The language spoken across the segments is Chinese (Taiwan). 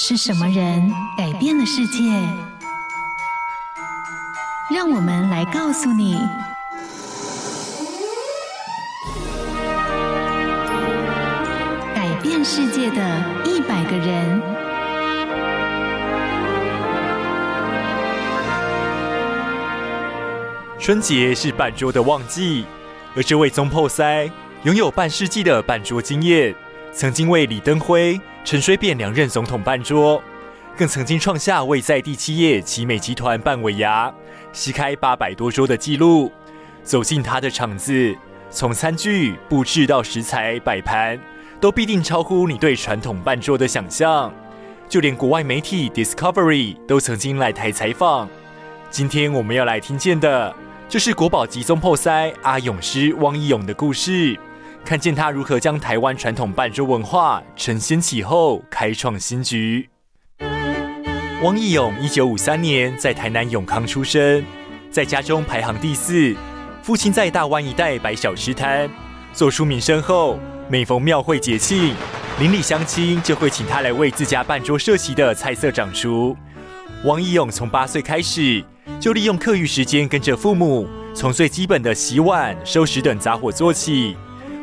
是什麼人改變了世界？讓我們來告訴你：改變世界的一百個人。春節是辦桌的旺季，而這位總舖師擁有半世紀的辦桌經驗。曾經為李登輝、陳水扁兩任總統辦桌，更曾經創下為在地企業奇美集團辦尾牙，席開八百多桌的紀錄。走進他的場子，從餐具、布置到食材、擺盤，都必定超乎你對傳統辦桌的想象。就連國外媒體 Discovery 都曾經來台採訪。今天我們要來聽見的，就是國寶級總舖師阿勇師汪義勇的故事。看見他如何將台灣傳統辦桌文化承先啟後，開創新局。汪義勇一九五三年在台南永康出生，在家中排行第四，父親在大灣一帶擺小吃攤，做出名聲後，每逢廟會節慶，鄰里鄉親就會請他來為自家辦桌設席的菜色掌廚。汪義勇從八歲開始，就利用課餘時間跟着父母，從最基本的洗碗、收拾等雜活做起。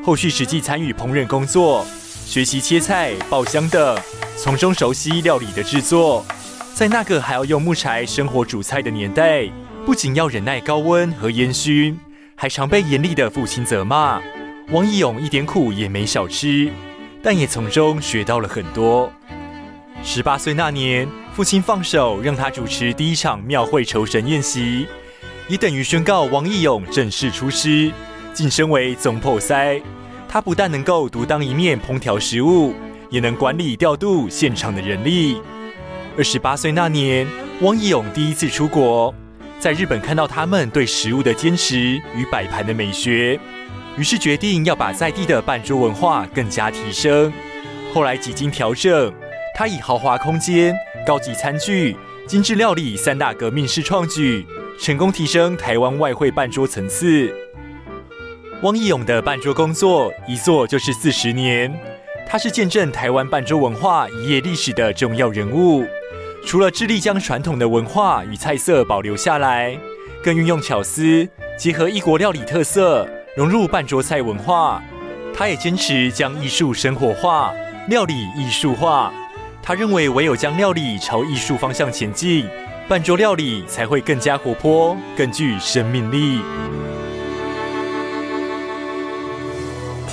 後續實際參與烹飪工作，學習切菜、爆香等，從中熟悉料理的制作。在那個還要用木柴生火煮菜的年代，不僅要忍耐高溫和煙熏，還常被嚴厲的父親責罵。汪義勇一點苦也沒少吃，但也從中學到了很多。十八歲那年，父親放手讓他主持第一場廟會酬神宴席，也等於宣告汪義勇正式出師。晉升為總舖師，他不但能夠獨當一面烹調食物，也能管理調度現場的人力。二十八歲那年，汪義勇第一次出國，在日本看到他們對食物的堅持與擺盤的美學，於是決定要把在地的辦桌文化更加提升。後來幾經調整，他以豪華空間、高級餐具、精緻料理三大革命式創舉，成功提升台灣外燴辦桌層次。汪義勇的辦桌工作一做就是四十年，他是見證台灣辦桌文化一頁歷史的重要人物。除了致力將傳統的文化與菜色保留下來，更運用巧思結合異國料理特色，融入辦桌菜文化。他也堅持將藝術生活化，料理藝術化。他認為唯有將料理朝藝術方向前進，辦桌料理才會更加活潑，更具生命力。